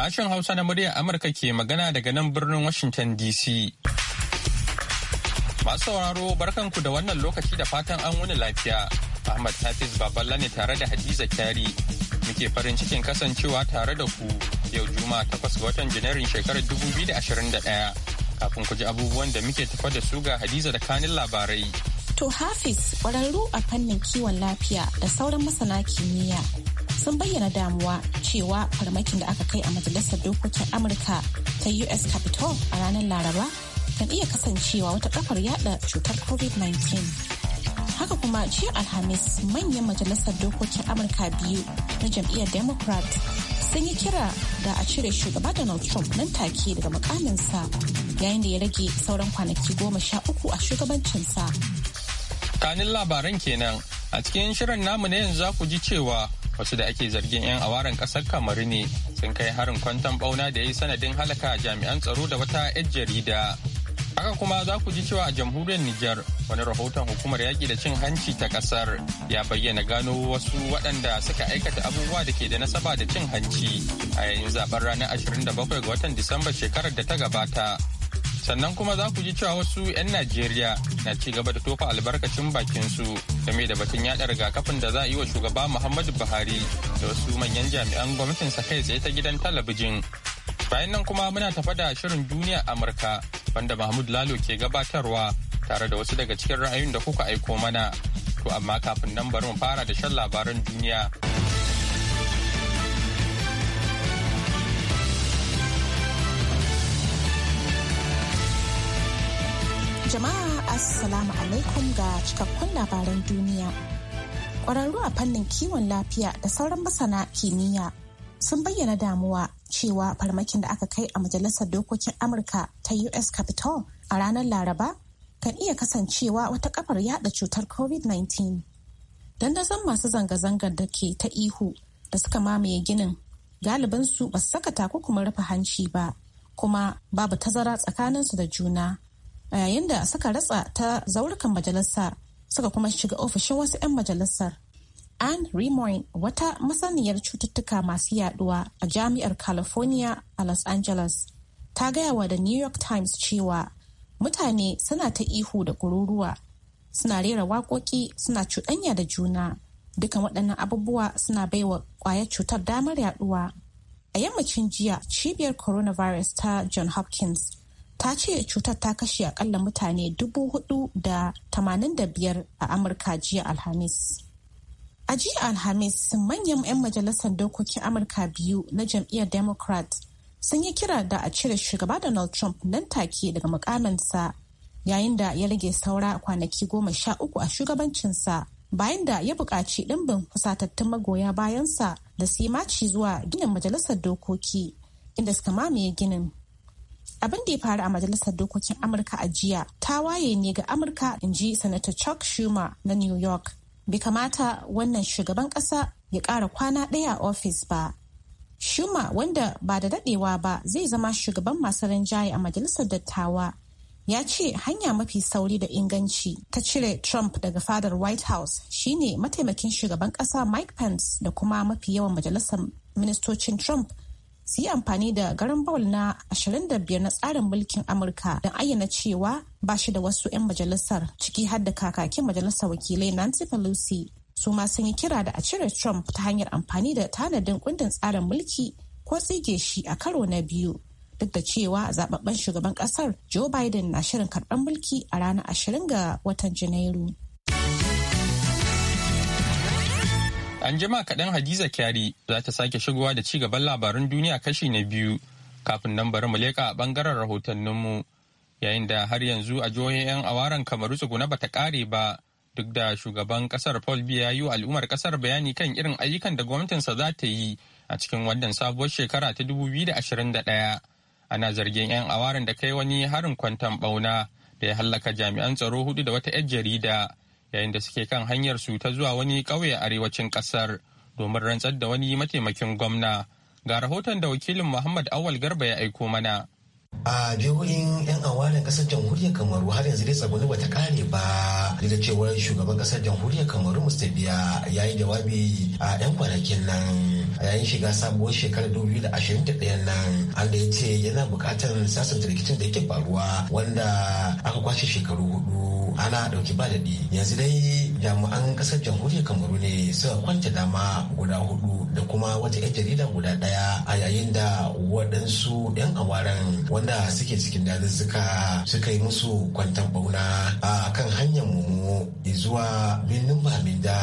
Sashen Hausa na muryar Amurka ke magana daga nan birnin Washington DC. Masu sauraro barkanku da wannan lokaci da fatan an wuni lafiya. Ahmad Hafiz Baballa ne tare da Hadiza Kyari. Muke farin cikin kasancewa tare da ku yau Juma'a takwas ga watan Janairun shekarar 2021. Kafin ku ji abubuwan da muke tafa da su ga Hadiza da kanin labarai. To Hafiz, ƙwararru a fannin kiwon lafiya da sauran masana kimiyya sun bayyana damuwa cewa farmakin da aka kai a majalisar dokokin amurka ta us capitol a ranar laraba kan iya kasancewa wata kafar yada cutar covid-19 haka kuma jiya alhamis manyan majalisar dokokin amurka biyu na jam'iyyar democrat sun yi kira da a cire shugaba donald trump nan take daga mukaminsa yayin da ya rage sauran kwanaki goma sha uku a shugabancinsa kanin labaran kenan a cikin shirin namu na yanzu za ku ji cewa wasu da ake zargin 'yan awaren kasar kamaru ne sun kai harin kwantan bauna da ya yi sanadin halaka jami'an tsaro da wata 'yan jarida haka kuma za ku ji cewa a jamhuriyar niger wani rahoton hukumar yaƙi da cin hanci ta ƙasar ya bayyana gano wasu waɗanda suka aikata abubuwa da ke da nasaba da cin hanci a yayin zaben ranar 27 ga watan disamba shekarar da ta gabata sannan kuma za ku ji cewa wasu 'yan najeriya na ci gaba da tofa albarkacin bakinsu game da batun yada rigakafin da za a yi wa shugaba muhammadu buhari da wasu manyan jami'an sa kai tsaye ta gidan talabijin bayan nan kuma muna tafa da shirin duniya amurka wanda mahmud lalo ke gabatarwa tare da wasu daga cikin ra'ayin da kuka aiko mana to amma kafin nan bari mu fara da shan labaran duniya Jama'a Assalamu alaikum ga cikakkun labaran duniya. Ƙwararru a fannin kiwon lafiya da sauran masana kimiyya sun bayyana damuwa cewa farmakin da aka kai a Majalisar Dokokin Amurka ta US Capitol a ranar Laraba kan iya kasancewa wata kafar yada cutar COVID-19. Dandazon masu zanga-zangar da ke ta ihu da suka mamaye ginin galibinsu ba su saka takunkumin rufe hanci ba kuma babu tazara tsakaninsu da juna. a yayin da suka ratsa ta zaurukan Majalisa, suka kuma shiga ofishin wasu 'yan majalisar. Anne Remoyne wata masaniyar cututtuka masu yaduwa a jami'ar California a Los Angeles ta gaya wa da New York Times cewa mutane suna ta ihu da kururuwa suna rera waƙoƙi suna cuɗanya da juna dukan waɗannan abubuwa suna baiwa ƙwayar cutar damar yaduwa. A yammacin jiya cibiyar coronavirus ta John Hopkins ta ce cutar ta kashe akalla mutane dubu hudu da tamanin da biyar a amurka jiya alhamis a jiya alhamis manyan 'yan majalisar dokokin amurka biyu na jam'iyyar democrat sun yi kira da a cire shugaba donald trump nan take daga mukaminsa yayin da ya rage saura kwanaki goma sha uku a shugabancinsa bayan da ya buƙaci ɗimbin fusatattun magoya bayansa da su yi maci zuwa ginin majalisar dokoki inda suka mamaye ginin abin da ya faru a majalisar dokokin amurka a jiya ta waye ne ga amurka in ji sanata chuck schumer na new york bai kamata wannan shugaban ƙasa ya ƙara kwana ɗaya a ofis ba schumer wanda ba da daɗewa ba zai zama shugaban masu rinjaye a majalisar dattawa ya ce hanya mafi sauri da inganci ta cire trump daga fadar white house shine mataimakin shugaban ƙasa mike pence da kuma mafi yawan majalisar ministocin trump su yi amfani da garin bawul na 25 na tsarin mulkin amurka don ayyana cewa ba shi da wasu 'yan majalisar ciki har da kakakin majalisar wakilai nancy pelosi su ma sun yi kira da a cire trump ta hanyar amfani da tanadin kundin tsarin mulki ko tsige shi a karo na biyu duk da cewa zababben shugaban kasar joe biden na shirin karɓar mulki a ranar 20 ga watan janairu An jima kaɗan Hadiza Kyari za ta sake shigowa da ci gaban labaran duniya kashi na biyu kafin nan bari mu leƙa a ɓangaren rahotanninmu yayin da har yanzu a jihohin 'yan awaran kamaru tsuguna bata ƙare ba duk da shugaban ƙasar Paul Biya yi wa al'ummar ƙasar bayani kan irin ayyukan da gwamnatinsa za ta yi a cikin wannan sabuwar shekara ta da ɗaya. ana zargin 'yan awaran da kai wani harin kwantan ɓauna da ya hallaka jami'an tsaro hudu da wata 'yar jarida yayin da suke kan hanyar su ta zuwa wani ƙauye arewacin ƙasar domin rantsar da wani mataimakin gwamna ga rahoton da wakilin muhammad awal garba ya aiko mana a jihohin 'yan awalin kasar jamhuriyar kamaru har yanzu dai tsaguni ta kare ba da cewar shugaban kasar jamhuriyar kamaru mustabiya ya yi jawabi a 'yan kwanakin nan a yayin shiga sabuwar shekarar 2021 nan an da ya ce yana bukatar sasanta rikicin da yake faruwa wanda aka kwashe shekaru hudu ana ɗauki ba daɗi yanzu dai jami'an kasar jamhuriyar kamaru ne suka kwance dama guda hudu da kuma wata 'yan jarida guda daya a yayin da waɗansu 'yan awaren wanda suke cikin dazuzzuka suka yi musu kwantar bauna a kan hanyar mumu zuwa birnin da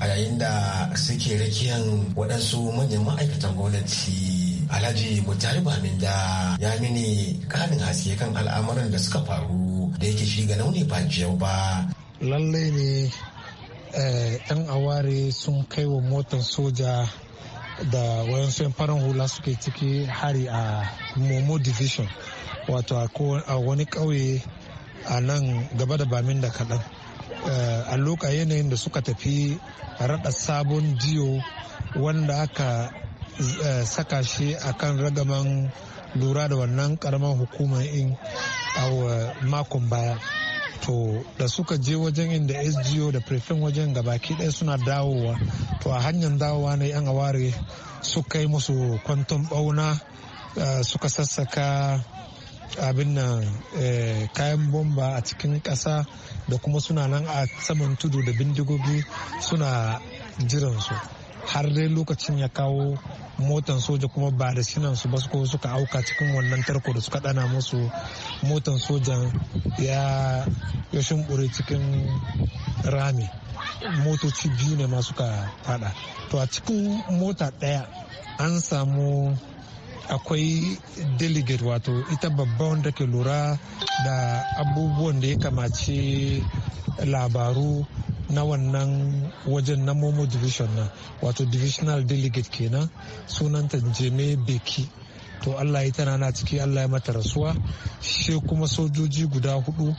a yayin da suke rakiyan waɗansu manyan ma'aikatan gwamnati Alhaji Mutari Baminda ya mini karin haske kan al'amuran da suka faru da yake shiga nauni ba jiyau ba lallai ne eh, yan aware sun kai wa motar soja da wayansu yan farin hula suke ciki hari a momo division wato a wani ƙauye a nan gaba da bamin da kaɗan eh, a loka yanayin da suka tafi raɗa sabon diyo wanda aka eh, saka shi a kan ragaman lura da wannan ƙaramin hukumar in a makon baya to da suka je wajen inda sgo da prefin wajen gabaki ɗaya suna dawowa to a hanyar dawowa ne yan aware suka yi musu kwanton bauna eh, suka sassaka abin nan eh, kayan bomba a cikin ƙasa da kuma suna nan a saman tudu da bindigogi suna jiransu har dai lokacin ya kawo motan soja kuma ba da shinan su ba su suka auka cikin wannan tarko da suka dana musu motan soja ya ya shimbure cikin rami motoci biyu ne ma ka fada to a cikin mota daya an samu akwai delegate wato ita babba wanda ke lura da abubuwan da ya kamace labaru na wannan wajen na momo division na wato divisional delegate kenan sunanta jeme beki to allah ya tana na ciki allah ya mata rasuwa shi kuma sojoji guda hudu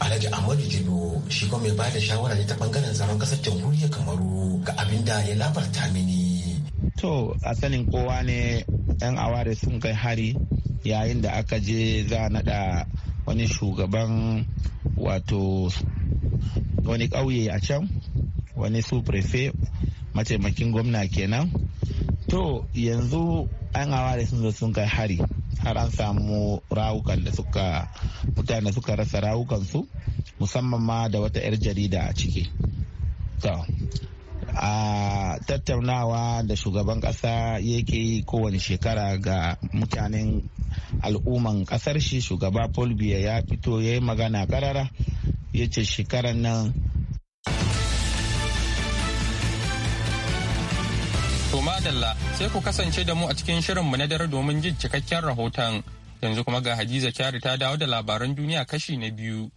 alhaji ahmadu jibo shi kuma mai ba da shawara ne ta bangaren tsaron kasar jamhuriyar kamaru ga abin da ya labarta mini to a sanin kowa ne yan aware sun kai hari yayin da aka je za a nada wani shugaban wato wani ƙauye a can wani su prefe mataimakin gwamna kenan to yanzu an da sun zo sun kai hari har an samu rawukan da suka mutane suka rasa rawukansu musamman ma da wata 'yar jarida a ciki a tattaunawa da shugaban kasa yake yi kowane shekara ga mutanen al'umman kasar shi shugaba paul ya fito ya yi magana karara ya ce shekarar nan To madalla sai ku kasance da mu a cikin shirin mu na dare domin jin cikakken rahoton yanzu kuma ga Hadiza Kyari ta dawo da labaran duniya kashi na biyu.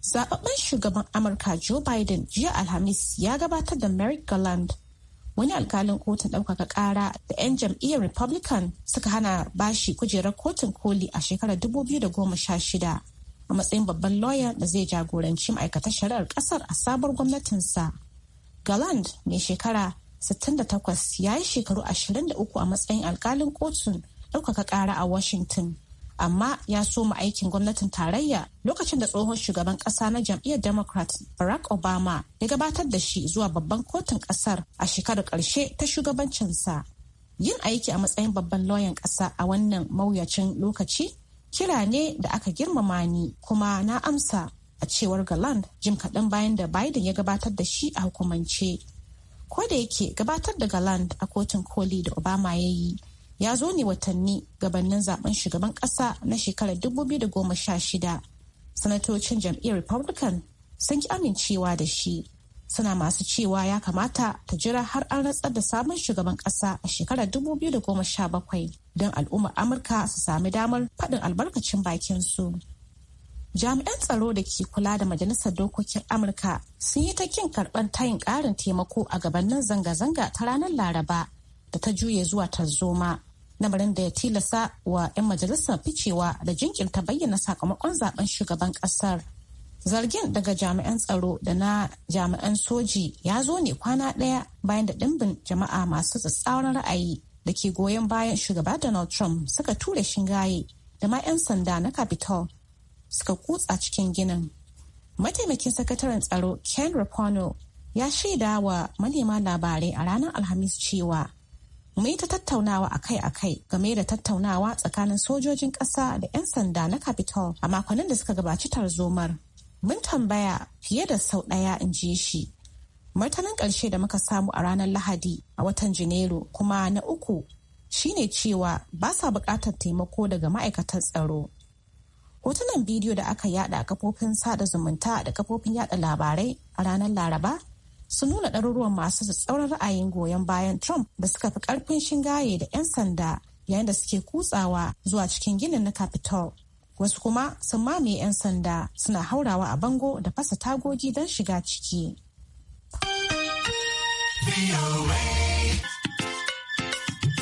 Zababben shugaban Amurka Joe Biden jiya Alhamis ya gabatar da Merrick Garland wani alkalin kotun ɗaukaka ƙara da 'yan jam'iyyar republican suka hana bashi kujerar kotun koli a shekarar 2016 a matsayin babban lawyer da zai jagoranci ma'aikatar shari'ar ƙasar a sabuwar gwamnatinsa galand mai shekara 68 ya yi shekaru 23 a matsayin alkalin kotun ɗaukaka ƙara a washington amma ya soma aikin gwamnatin tarayya lokacin da tsohon shugaban kasa na jam'iyyar democrat barack obama ya gabatar da shi zuwa babban kotun kasar a shekarar karshe ta shugabancinsa yin aiki a matsayin babban lauyan kasa a wannan mawuyacin lokaci kira ne da aka girmama ni kuma na amsa a cewar galand jim kaɗan bayan da biden ya gabatar da shi a hukumance ko da yake gabatar da galand a kotun koli da obama ya yi ya zo ne watanni gabanin zaben shugaban kasa na shekarar 2016 sanatocin jam'iyyar republican sun ki amincewa da shi suna masu cewa ya kamata ta jira har an ratsar da sabon shugaban kasa a shekarar 2017 don al'ummar amurka su sami damar faɗin albarkacin bakin su jami'an tsaro da ke kula da majalisar dokokin amurka sun yi ta kin karɓar tayin ƙarin taimako a gabanin zanga-zanga ta ranar laraba da ta juye zuwa tarzoma lamarin da ya tilasa wa 'yan majalisar ficewa da jinkirta bayyana sakamakon zaben shugaban kasar zargin daga jami'an tsaro da na jami'an soji ya zo ne kwana ɗaya bayan da ɗimbin jama'a masu tsatsauran ra'ayi da ke goyon bayan shugaba donald trump suka tura shingaye da ma 'yan sanda na capitol suka kutsa cikin ginin mataimakin sakataren tsaro ken rapono ya shaida wa manema labarai a ranar alhamis cewa mu yi ta tattaunawa akai-akai game da tattaunawa tsakanin sojojin ƙasa da 'yan sanda na capitol a makonnin da suka gabaci tarzomar mun tambaya fiye da sau ɗaya in ji shi martanin ƙarshe da muka samu a ranar lahadi a watan janairu kuma na uku shine cewa ba sa buƙatar taimako daga ma'aikatan tsaro hotunan bidiyo da aka yada a kafofin sada zumunta da kafofin yada labarai a ranar laraba su nuna ɗaruruwan masu tsauran ra'ayin goyon bayan Trump da suka fi ƙarfin shingaye da 'yan sanda yayin da suke kutsawa zuwa cikin ginin na Capitol. Wasu kuma sun mamaye 'yan sanda suna haurawa a bango da fasa tagogi don shiga ciki.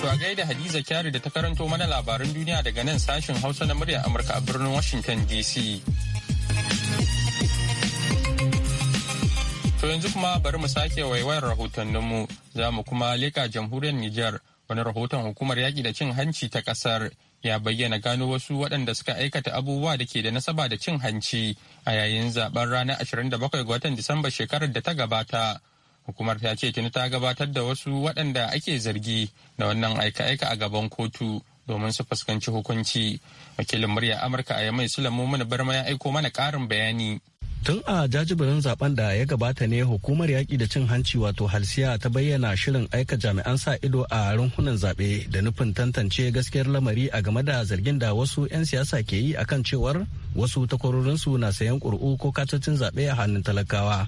To a gaida Hadiza Kyari da ta karanto mana labaran duniya daga nan sashen Hausa na murya Amurka a birnin Washington DC. To yanzu kuma bari mu sake waiwayar rahotanninmu za mu kuma leƙa jamhuriyar Nijar wani rahoton hukumar yaƙi da cin hanci ta ƙasar ya bayyana gano wasu waɗanda suka aikata abubuwa da ke da nasaba da cin hanci a yayin zaben ranar 27 ga watan Disamba shekarar da ta gabata. Hukumar ta ce tuni ta gabatar da wasu waɗanda ake zargi da wannan aika-aika a gaban kotu domin su fuskanci hukunci. Wakilin murya Amurka a Yamai mana Barma ya aiko mana ƙarin bayani. tun a jajibirin zaben da ya gabata ne hukumar yaƙi da cin hanci wato halsiya ta bayyana shirin aika jami'an sa ido a runhunan zaɓe da nufin tantance gaskiyar lamari a game da zargin da wasu 'yan siyasa ke yi akan cewar wasu takwarorinsu na sayan ƙuri'u ko katocin zaɓe a hannun talakawa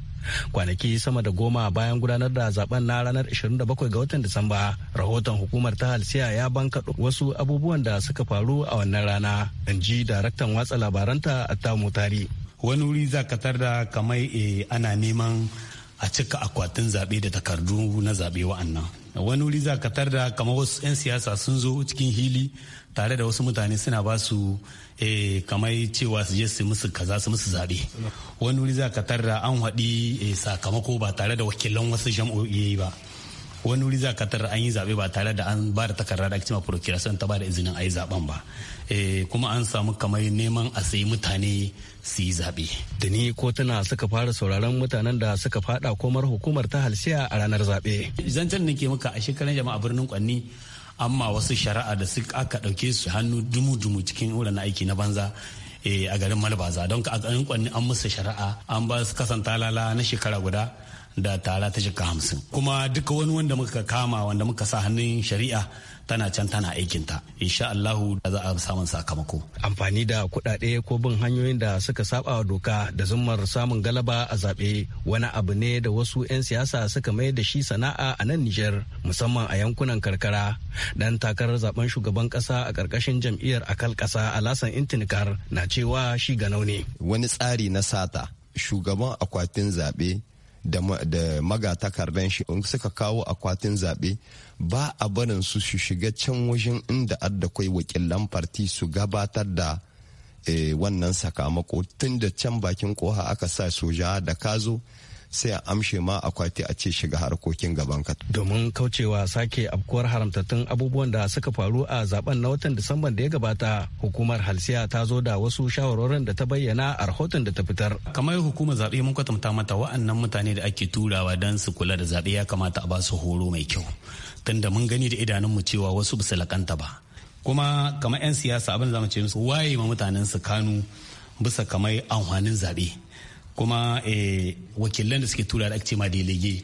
kwanaki sama da goma bayan gudanar da zaben na ranar 27 ga watan disamba rahoton hukumar ta halsiya ya banka wasu abubuwan da suka faru a wannan rana in ji daraktan watsa labaranta a Tamu tari wani wuri za ka da kamar eh, ana neman a cika akwatin zaɓe da takardu na zaɓe wa'annan wani wuri za ka da kamar wasu 'yan siyasa sun zo cikin hili tare da wasu mutane suna ba su eh, kamar cewa su je su musu kaza su musu zaɓe wani wuri za ka da an haɗi eh, sakamako ba tare da wakilan wasu jam'o'i ba wani wuri za ka tarda an yi zaɓe ba tare da an ba da takarda da cewa procurator ta ba da izinin a yi zaɓen ba kuma an samu kamar neman a sayi mutane su yi zaɓe. Da ni kotuna suka fara sauraron mutanen da suka fada komar hukumar ta halsiya a ranar zaɓe. Zancen nake muka a shekaran jama'a birnin Kwanni amma wasu shari'a da su aka ɗauke su hannu dumu-dumu cikin wurin aiki na banza eh, a garin Malbaza don ka a garin Kwanni an musu shari'a an ba su kasanta lala na shekara guda da tara ta jika hamsin. Kuma duka wani wanda muka kama wanda muka sa hannun shari'a tana can tana aikinta insha Allahu za a samun sakamako amfani da kuɗaɗe ko bin hanyoyin da suka saba wa doka da zummar samun galaba a zaɓe wani abu ne da wasu 'yan siyasa suka mai da shi sana'a a nan Nijar musamman a yankunan karkara dan takarar zaben shugaban ƙasa a ƙarƙashin jam'iyyar akal ƙasa Alasan Intinikar na cewa shi ganau ne wani tsari na sata shugaban akwatin zaɓe da magatakardan shi suka kawo akwatin zaɓe ba a barin su su shiga can wajen inda adda kwai wakilan farti su gabatar da eh, wannan sakamako tun da can bakin koha aka sa soja da kazo sai a amshe ma akwati a ce shiga harkokin gaban ka. Domin kaucewa sake afkuwar haramtattun abubuwan da suka faru a zaben na watan Disamban da ya gabata, hukumar Halsiya ta zo da wasu shawarorin da ta bayyana a rahoton da ta fitar. Kamar hukumar zaɓe mun kwatanta mata wa'annan mutane da ake turawa don su kula da zaɓe ya kamata a ba su horo mai kyau. tunda mun gani da idanunmu cewa wasu su lakanta ba kuma kamar 'yan siyasa abin zamu ce musu waye ma mutanen su kanu bisa kamar amfanin zaɓe kuma eh, wakilan da suke tura da ake ma delege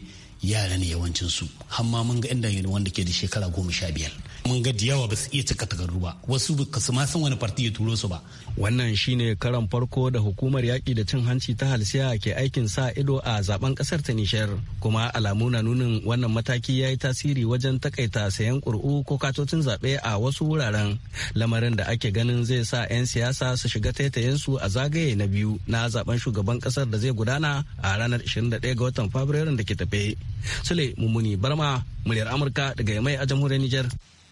yara ne yawancin su hamma mun ga inda wanda ke da shekara goma sha biyar mun ga da yawa ba su iya cika takardu ba wasu ba su ma san wani farti ya turo su ba wannan shine karan farko da hukumar yaƙi da cin hanci ta halsiya ke aikin sa ido a zaben kasar ta nishar kuma alamu na nunin wannan mataki ya yi tasiri wajen takaita sayan ƙuri'u ko katocin zaɓe a wasu wuraren lamarin da ake ganin zai sa 'yan siyasa su shiga taitayensu a zagaye na biyu na zaben shugaban ƙasar da zai gudana a ranar 21 ga watan fabrairun da ke tafe Sule Mummuni Barma muryar Amurka daga Yamai a jamhuriyar Nijar.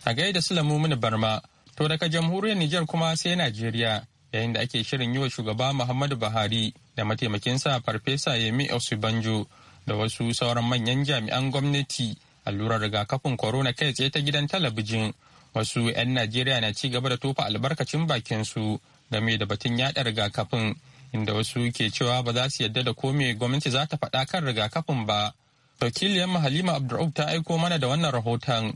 A gaida Sule Mummuni Barma to daga jamhuriyar Nijar kuma sai Najeriya yayin da ake shirin yi wa shugaba Muhammadu Buhari da mataimakinsa Farfesa Yemi Osibanjo da wasu sauran manyan jami'an gwamnati allurar rigakafin corona kai tsaye ta gidan talabijin wasu 'yan Najeriya na ci gaba da tofa albarkacin bakin su mai da batun yaɗa rigakafin inda wasu ke cewa ba za su yadda da kome gwamnati za ta faɗa kan rigakafin ba wakiliyar halima abdur'ub ta aiko mana da wannan rahoton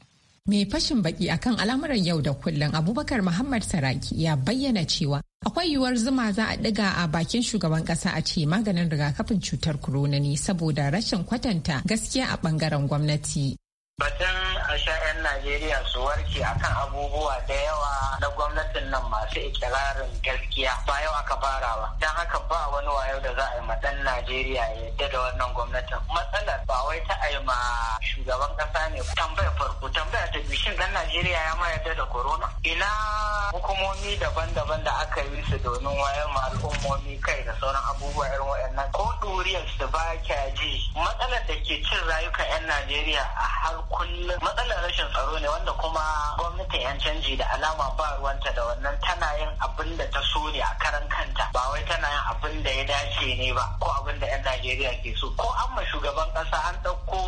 mai fashin baki akan al'amuran yau da kullum abubakar muhammad saraki ya bayyana cewa akwai yiwuwar zuma za a ɗiga a bakin shugaban ƙasa a ce maganin rigakafin cutar corona ne saboda rashin kwatanta gaskiya a ɓangaren gwamnati batun a sha'an najeriya su warke akan abubuwa da yawa Da gwamnatin nan masu ikirarin gaskiya ba yau aka fara ba don haka ba wani wayo da za a yi ma ɗan najeriya ya yadda da wannan gwamnatin matsalar ba wai ta a yi ma shugaban ƙasa ne tambaya farko tambaya ta biyu shin ɗan najeriya ya ma yadda da corona ina hukumomi daban-daban da aka yi su domin wayar ma al'ummomi kai da sauran abubuwa irin waɗannan ko ɗuriyar su ba kya ji matsalar da ke cin rayukan 'yan najeriya a har kullum matsalar rashin tsaro ne wanda kuma gwamnatin 'yan canji da alama ba ba ruwanta da wannan tana yin abin da ta so ne a karan kanta ba wai tana yin abin da ya dace ne ba ko abin da 'yan Najeriya ke so ko an ma shugaban kasa an ɗauko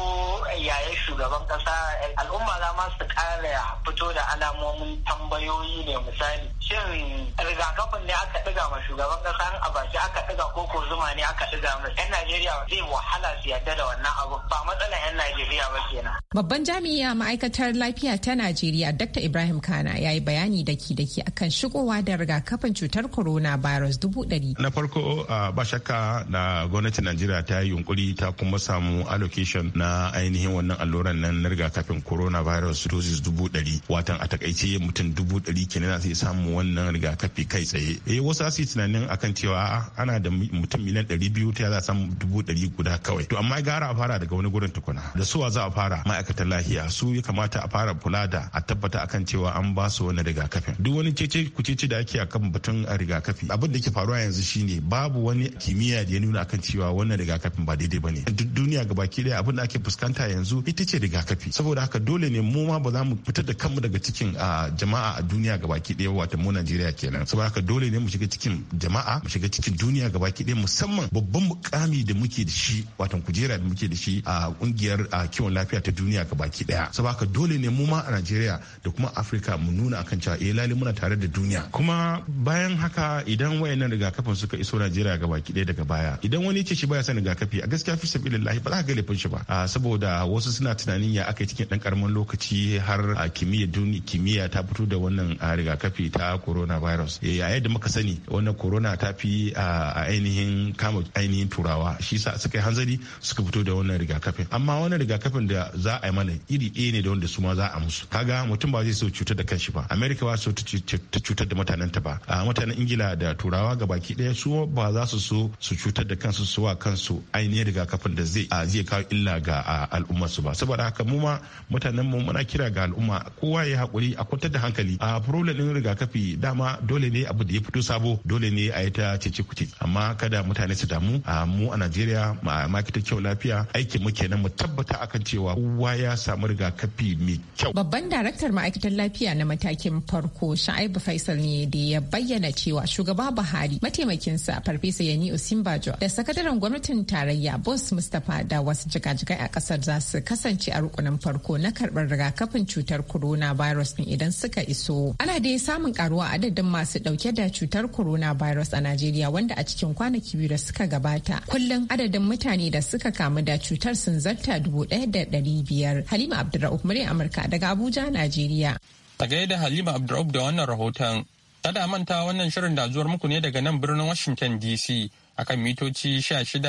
yayin shugaban kasa al'umma za ma su ƙara fito da alamomin tambayoyi ne misali shin rigakafin ne aka ɗiga ma shugaban kasa a baki aka ɗiga ko ko zuma ne aka ɗiga mai 'yan Najeriya zai wahala su yarda da wannan abu ba matsalar 'yan Najeriya ba kenan. Babban jami'a ma'aikatar lafiya ta Najeriya Dr. Ibrahim Kana ya yi bayani daki-daki akan shigowa da rigakafin cutar corona virus dubu dari? Na farko ba shakka da gwamnatin Najeriya ta yi yunkuri ta kuma samu allocation na ainihin wannan alluran nan na rigakafin virus doses dubu dari. watan a takaice mutum dubu ɗari kenan zai samu wannan rigakafi kai tsaye. Eh wasu su tunanin akan cewa ana da mutum miliyan dari biyu ta za a samu dubu dari guda kawai. To amma gara a fara daga wani gurin tukuna. Da suwa za a fara ma'aikatan lafiya su ya kamata a fara kula da a tabbata akan cewa an ba su wani rigakafi. rigakafin duk wani cece kucece da ake akan batun a rigakafi abin da ke faruwa yanzu shine babu wani kimiyya da ya nuna akan cewa wannan rigakafin ba daidai bane duk duniya gabaki daya abin da ake fuskanta yanzu ita ce rigakafi saboda haka dole ne mu ma ba za mu fitar da kanmu daga cikin jama'a a duniya gabaki daya wato mu Najeriya kenan saboda haka dole ne mu shiga cikin jama'a mu shiga cikin duniya gabaki daya musamman babban mukami da muke da shi wato kujera da muke da shi a kungiyar kiwon lafiya ta duniya gabaki daya saboda haka dole ne mu ma a Najeriya da kuma Afirka mu nuna akan cewa ya lali muna tare da duniya kuma bayan haka idan wayannan rigakafin suka iso Najeriya ga baki ɗaya daga baya idan wani ce shi baya son rigakafi a gaskiya fi sabilillahi ba za ka ga laifin shi ba ah, saboda wasu suna tunanin ya aka yi cikin ɗan ƙaramin lokaci har ah, kimiyya duniya kimiyya ta fito da wannan ah, rigakafi ta corona virus eh, yayin da muka sani wannan corona ta fi a ainihin kama ainihin turawa shi sa suka yi hanzari suka fito da wannan rigakafin amma wannan rigakafin da za a yi mana iri ɗaya ne da wanda su ma za a musu kaga mutum ba zai so cutar da kanshi ba america so ta cutar da mutanen ta ba a mutanen ingila da turawa ga baki daya su ba za su so su cutar da kansu su wa kansu ainihin rigakafin da zai zai kawo illa ga al'ummar su ba saboda haka mu ma mutanen mu muna kira ga al'umma kowa ya hakuri a kwantar da hankali a problem din rigakafi dama dole ne abu da ya fito sabo dole ne a yi ta cece kuce amma kada mutane su damu a mu a Najeriya ma kita kyau lafiya aikin mu kenan mu tabbata akan cewa kowa ya samu rigakafi mai kyau babban daraktar ma'aikatar lafiya na matakin farko farko Sha'ibu Faisal ne da ya bayyana cewa shugaba Buhari mataimakinsa Farfesa Yani Osinbajo da sakataren gwamnatin tarayya Boss Mustapha da wasu jigajigai a kasar za su kasance a rukunin farko na karbar rigakafin cutar coronavirus din idan suka iso. Ana dai samun karuwa a adadin masu dauke da cutar corona virus a Najeriya wanda a cikin kwanaki biyu da suka gabata kullum adadin mutane da suka kamu da cutar sun zarta dubu ɗaya da ɗari biyar. Halima Abdulrahman Amurka daga Abuja, Najeriya. A da Halima Abdur'ub da wannan rahoton, kada manta wannan shirin da zuwar muku ne daga nan birnin Washington DC akan mitoci 16,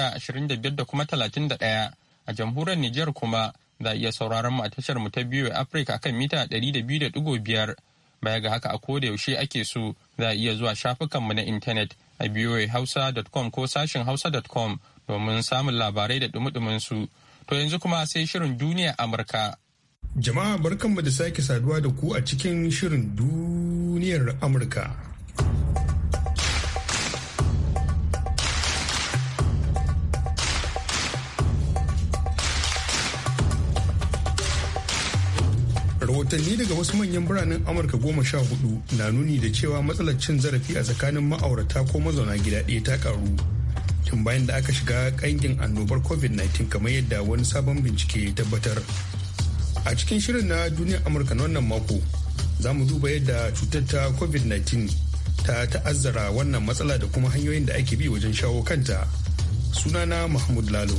da kuma 31 a jamhuriyar Nijar kuma za iya sauraron mu a tashar mu ta biyu Afirka akan mita 200.5 baya ga haka a koda yaushe ake so za a iya zuwa shafukan mu na intanet a hausa.com ko sashin hausa.com domin samun labarai da dumudumin su to yanzu kuma sai shirin duniya Amurka. Jama'a barkanmu da sake saduwa da ku a cikin shirin duniyar Amurka. rahotanni daga wasu manyan biranen amurka goma sha hudu na nuni da cewa matsalar cin zarafi a tsakanin ma'aurata ko mazauna gida ɗaya ta karu tun bayan da aka shiga ƙangin annobar covid-19 kamar yadda wani sabon bincike ya tabbatar a cikin shirin na duniyar amurka na wannan mako za mu duba yadda cutar ta covid-19 ta ta'azzara wannan matsala da kuma hanyoyin da ake bi wajen shawo kanta sunana mahmud lalo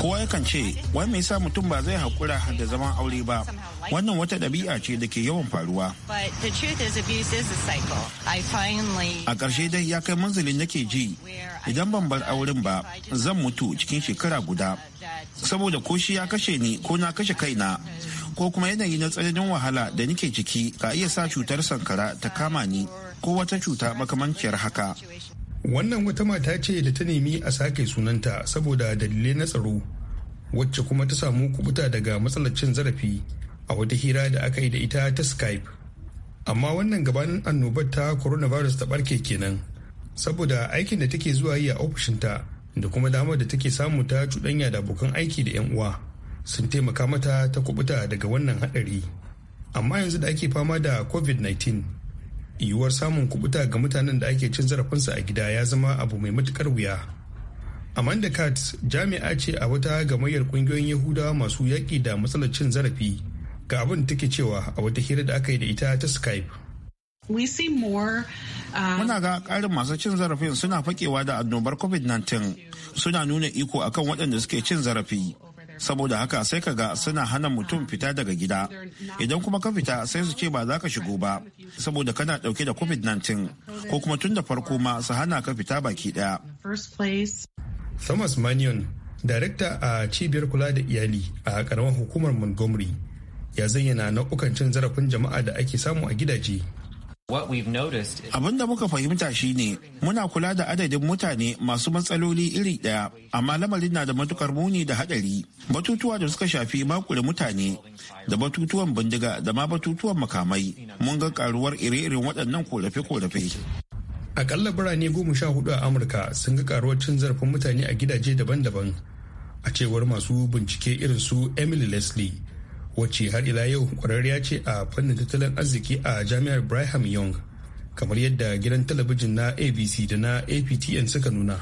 kowa yakan ce wai mai sa mutum ba zai haƙura da zaman aure ba Wannan wata ɗabi'a ce da ke yawan faruwa. A ƙarshe dai ya kai manzilin nake ji, idan ban bar auren ba zan mutu cikin shekara guda. Saboda ko shi ya kashe ni ko na kashe kaina, ko kuma yanayi na tsananin wahala da nike ciki ka iya sa cutar sankara ta kama ni ko wata cuta makamanciyar haka. Wannan wata mata ce da ta nemi a sake sunanta saboda dalilai na tsaro, wacce kuma ta samu kubuta daga matsalar zarafi. a wata hira da aka yi da ita ta skype amma wannan gabanin annobar ta coronavirus ta barke kenan saboda aikin da take zuwa yi a ofishinta da kuma damar da take samu ta cuɗanya da abokan aiki da 'yan uwa sun taimaka mata ta kubuta daga wannan haɗari amma yanzu da ake fama da covid-19 yiwuwar samun kubuta ga mutanen da ake cin zarafinsa a gida ya zama abu mai matukar wuya amanda katz jami'a ce a wata gamayyar kungiyoyin yahudawa masu yaƙi da matsalar cin zarafi ga abin take cewa a wata hira da aka yi da ita ta skype uh, Muna ga ƙarin masu cin zarafin suna fakewa da annobar COVID-19 suna nuna iko akan waɗanda suke cin zarafi. Saboda haka sai ka ga suna hana mutum fita daga gida. Idan kuma ka fita sai su ce ba za ka shigo ba, saboda kana ɗauke da COVID-19 ko kuma tun da farko ma su hana ka fita baki ɗaya. Thomas Manion, Darekta a Cibiyar Kula da Iyali a ƙaramar hukumar Montgomery. ya zayyana nau'ukan cin zarafin jama'a da ake samu a gidaje Abin da muka fahimta shine muna kula da adadin mutane masu matsaloli iri ɗaya, amma lamarin na da matukar muni da haɗari. Batutuwa da suka shafi makule mutane da batutuwan bindiga da ma batutuwan makamai mun ga karuwar ire-iren waɗannan korafe-korafe. Akalla birane goma sha hudu a Amurka sun ga karuwar cin zarafin mutane a gidaje daban-daban. A cewar masu bincike irin su Emily Leslie, wacce har ila yau kwararriya ce a fannin tattalin arziki a jami'ar Brigham Young kamar yadda gidan talabijin na ABC da na APTN suka nuna.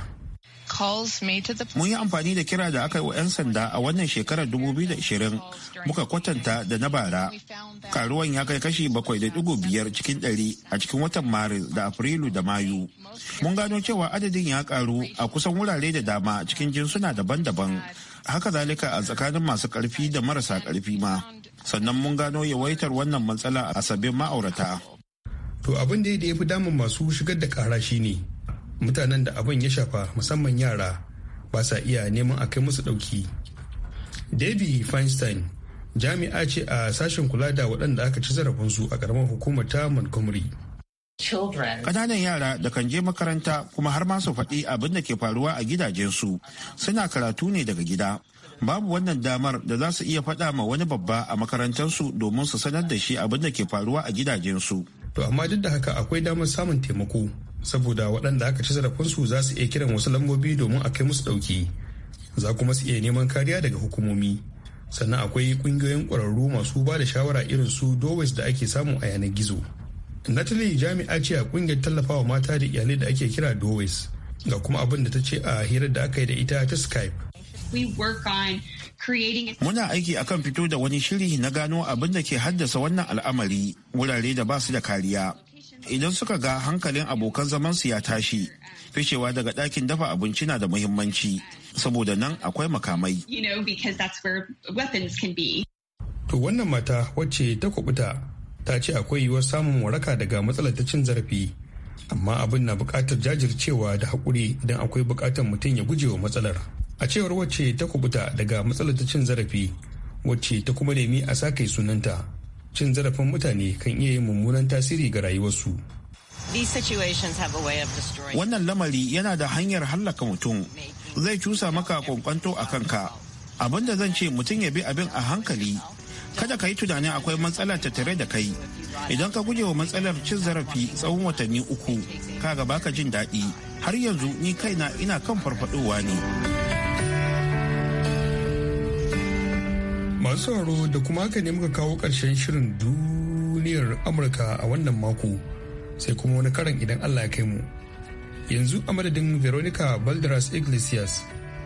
Mun yi amfani da kira da aka yi wa 'yan sanda a wannan shekarar 2020 muka kwatanta da na bara. Karuwan ya kai kashi 7.5 cikin 100 a cikin watan Maris da Afrilu da Mayu. Mun gano cewa adadin ya karu a kusan wurare da dama cikin jinsuna daban-daban haka zalika a tsakanin masu ƙarfi da marasa karfi ma sannan mun gano yawaitar wannan matsala a sabbin ma'aurata to abin da ya fi damun masu shigar da ƙara shine mutanen da abin ya shafa musamman yara ba sa iya neman a kai musu ɗauki debbie feinstein jami'a ce a sashen kula da waɗanda aka ci zarafinsu a ƙaramin hukumar ta montgomery Ƙananan yara da kan je makaranta kuma har ma su faɗi abin da ke faruwa a gidajensu suna karatu ne daga gida. Babu wannan damar da za su iya faɗa ma wani babba a makarantarsu domin su sanar da shi abin da ke faruwa a gidajensu. To amma duk da haka akwai damar samun taimako saboda waɗanda aka ci zarafinsu za su iya kiran wasu lambobi domin a kai musu ɗauki. Za kuma su iya neman kariya daga hukumomi. Sannan akwai ƙungiyoyin ƙwararru masu ba da shawara irin su Dowes da ake samu a yanar gizo. natalie jami'a ce a kungiyar tallafawa mata da iyalai da ake kira dowes ga kuma abin da ta ce a hirar da aka yi da ita ta skype muna aiki a kan fito da wani shiri na gano abin da ke haddasa wannan al'amari wurare da ba su da kariya idan suka ga hankalin abokan zaman su ya tashi fishewa daga dakin dafa abinci na da muhimmanci saboda nan akwai makamai to wannan mata wacce ta kubuta ta ce akwai yiwuwar samun waraka daga matsalar ta cin zarafi amma abin na buƙatar jajircewa da haƙuri idan akwai buƙatar mutum ya gujewa matsalar a cewar wacce ta kubuta daga matsalar ta cin zarafi wacce ta kuma nemi a sa kai sunanta cin zarafin mutane kan iya yin mummunan tasiri ga rayuwarsu Wannan lamari yana da hanyar hallaka mutum, zai cusa maka kwankwanto a kanka. abinda zan ce mutum ya bi abin a hankali kada ka yi tunani akwai matsala tare da kai idan ka gujewa matsalar cin zarafi tsawon watanni uku ka gaba ka jin daɗi har yanzu ni kaina ina kan farfadowa ne masu sauraro da kuma haka ne muka kawo ƙarshen shirin duniyar amurka a wannan mako sai kuma wani karan idan allah ya kai mu yanzu a madadin veronica balderas iglesias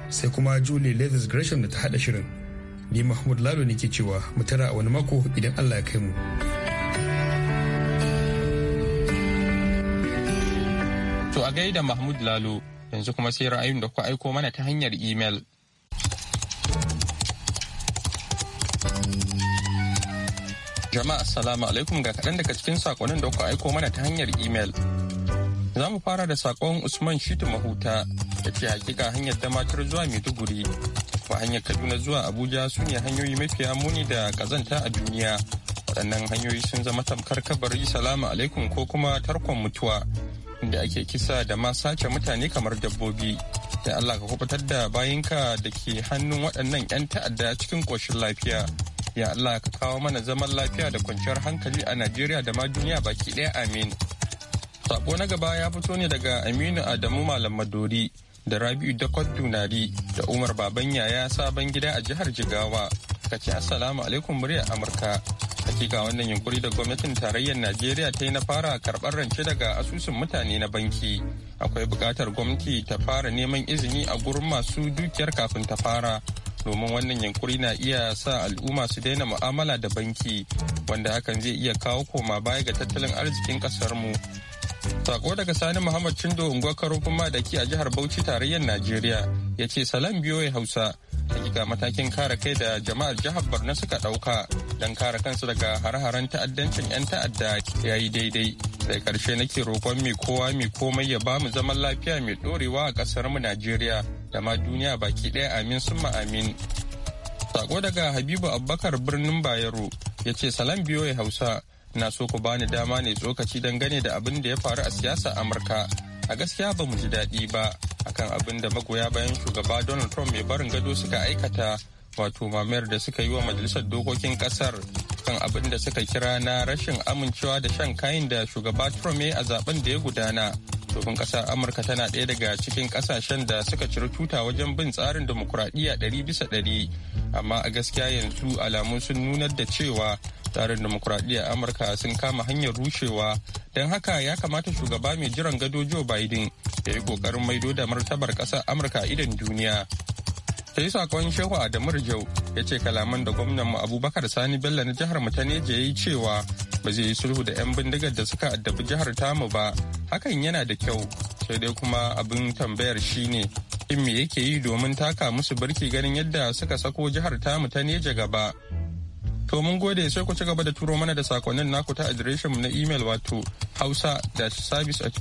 sai kuma julie leathers gresham da ta hada shirin ni mahmud lalo ne ke cewa mu a wani mako idan allah ya kai mu to a gaida mahmud lalo yanzu kuma sai ra'ayin da ku aiko mana ta hanyar imel jama'a assalamu alaikum ga kaɗan daga cikin sakonin da ku aiko mana ta hanyar imel za mu fara da sakon usman shitu mahuta da ke hakika hanyar damatar zuwa maiduguri ko hanyar kaduna zuwa abuja su ne hanyoyi mafi muni da kazanta a duniya waɗannan hanyoyi sun zama tamkar kabari salamu alaikum ko kuma tarkon mutuwa inda ake kisa da ma sace mutane kamar dabbobi da allah ka kubutar da bayinka da ke hannun waɗannan 'yan ta'adda cikin ƙoshin lafiya ya allah ka kawo mana zaman lafiya da kwanciyar hankali a najeriya da ma duniya baki ɗaya amin sako na gaba ya fito ne daga aminu adamu malam madori da Rabi'u da Dunari da Umar Baban Yaya sabon gida a jihar Jigawa ka ce Assalamu alaikum muryar Amurka. Hakika wannan yunkuri da gwamnatin tarayyar Najeriya ta yi na fara karɓar rance daga asusun mutane na banki. Akwai buƙatar gwamnati ta fara neman izini a gurin masu dukiyar kafin ta fara. domin wannan yankuri na iya sa al'umma su daina mu'amala da banki wanda hakan zai iya kawo koma baya ga tattalin arzikin kasarmu Sako daga Sani Muhammad Cindo unguwar karofin da a jihar Bauchi tarayyar Najeriya ya ce salam biyoyi Hausa hakika matakin kare kai da jama'ar jihar Borno suka ɗauka don kare kansu daga har-haren ta'addancin 'yan ta'adda ya yi daidai. Sai karshe nake roƙon mai kowa mai komai ya bamu zaman lafiya mai dorewa a ƙasar mu Najeriya da ma duniya baki ɗaya amin summa amin. Sako daga Habibu Abubakar birnin Bayero ya ce salam biyoyi Hausa na so ku bani dama ne tsokaci dangane da abin da ya faru a siyasa amurka a gaskiya ba mu ji daɗi ba akan abin da magoya bayan shugaba donald trump mai barin gado suka aikata wato mamayar da suka yi wa majalisar dokokin kasar kan abin da suka kira na rashin amincewa da shan kayan da shugaba trump ya a zaben da ya gudana Shugaban ƙasar Amurka tana ɗaya daga cikin ƙasashen da suka cire tuta wajen bin tsarin demokuraɗiyya ɗari bisa ɗari, amma a gaskiya yanzu alamun sun nunar da cewa tsarin demokuraɗiyya Amurka sun kama hanyar rushewa, don haka ya kamata shugaba mai jiran gado Joe Biden ya yi ƙoƙarin maido da martabar ƙasar Amurka a idon duniya. yi sakon shehu adamu rijau ya ce kalaman da gwamnan mu abubakar sani bello na jihar mu ta neje ya yi cewa ba zai yi sulhu da 'yan bindigar da suka addabi jihar tamu ba hakan yana da kyau sai dai kuma abin tambayar shine in me yake yi domin taka musu birki ganin yadda suka sako jihar tamu ta neja gaba to mun gode sai ku ci gaba da turo mana da sakonnin naku ta adireshin mu na email wato hausa service at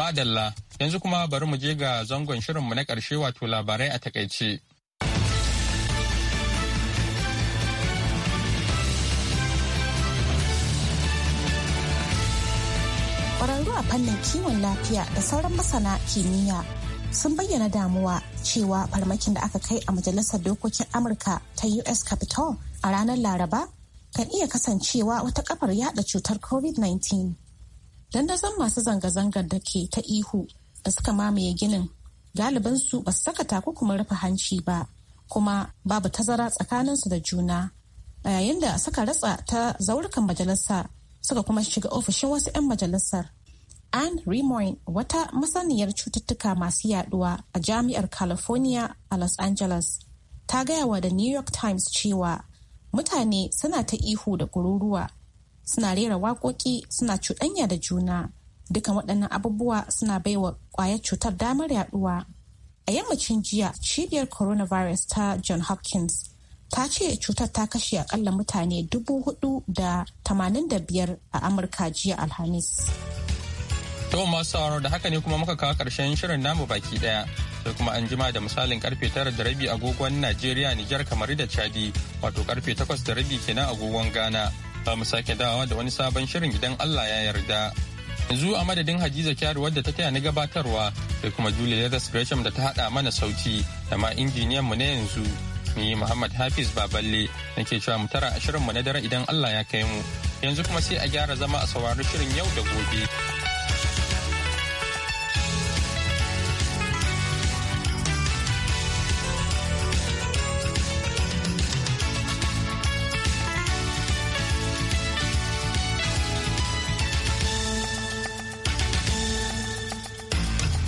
madalla yanzu kuma bari mu je ga zangon shirinmu na ƙarshe wato labarai a takaice. a fannin kiwon lafiya da sauran masana kimiyya sun bayyana damuwa cewa farmakin da aka kai a majalisar dokokin amurka ta us capitol a ranar laraba kan iya kasancewa wata kafar yada cutar covid-19 dandazon masu zanga-zangar da ke ta ihu da suka mamaye ginin galibinsu ba su saka takunkumin rufe hanci ba kuma babu tazara tsakanin su da juna a yayin da suka ratsa ta zaurukan majalisa suka kuma shiga ofishin wasu 'yan majalisar Anne Remoyne wata masaniyar cututtuka masu yaduwa a jami'ar California a Los Angeles ta gaya wa da New York Times cewa mutane suna ta ihu da kururuwa suna rera waƙoƙi suna cuɗanya da juna dukan waɗannan abubuwa suna baiwa ƙwayar cutar damar yaduwa. A yammacin jiya cibiyar coronavirus ta John Hopkins ta ce cutar ta kashe akalla mutane dubu da tamanin a Amurka jiya Alhamis. To masu sauraro da haka ne kuma muka kawo karshen shirin namu baki daya. Sai kuma an jima da misalin karfe tara da rabi agogon Najeriya Nijar kamar da Chadi wato karfe takwas da rabi kenan agogon Ghana. bamu mu sake dawowa da wani sabon shirin idan Allah ya yarda. Yanzu a madadin Hajiza Kyaru wadda ta taya ni gabatarwa sai kuma Julia Leathers Gresham da ta haɗa mana sauti da ma injiniyan mu na yanzu. Ni Muhammad Hafiz Baballe nake cewa mu tara a shirin mu na dare idan Allah ya kai mu. Yanzu kuma sai a gyara zama a saurari shirin yau da gobe.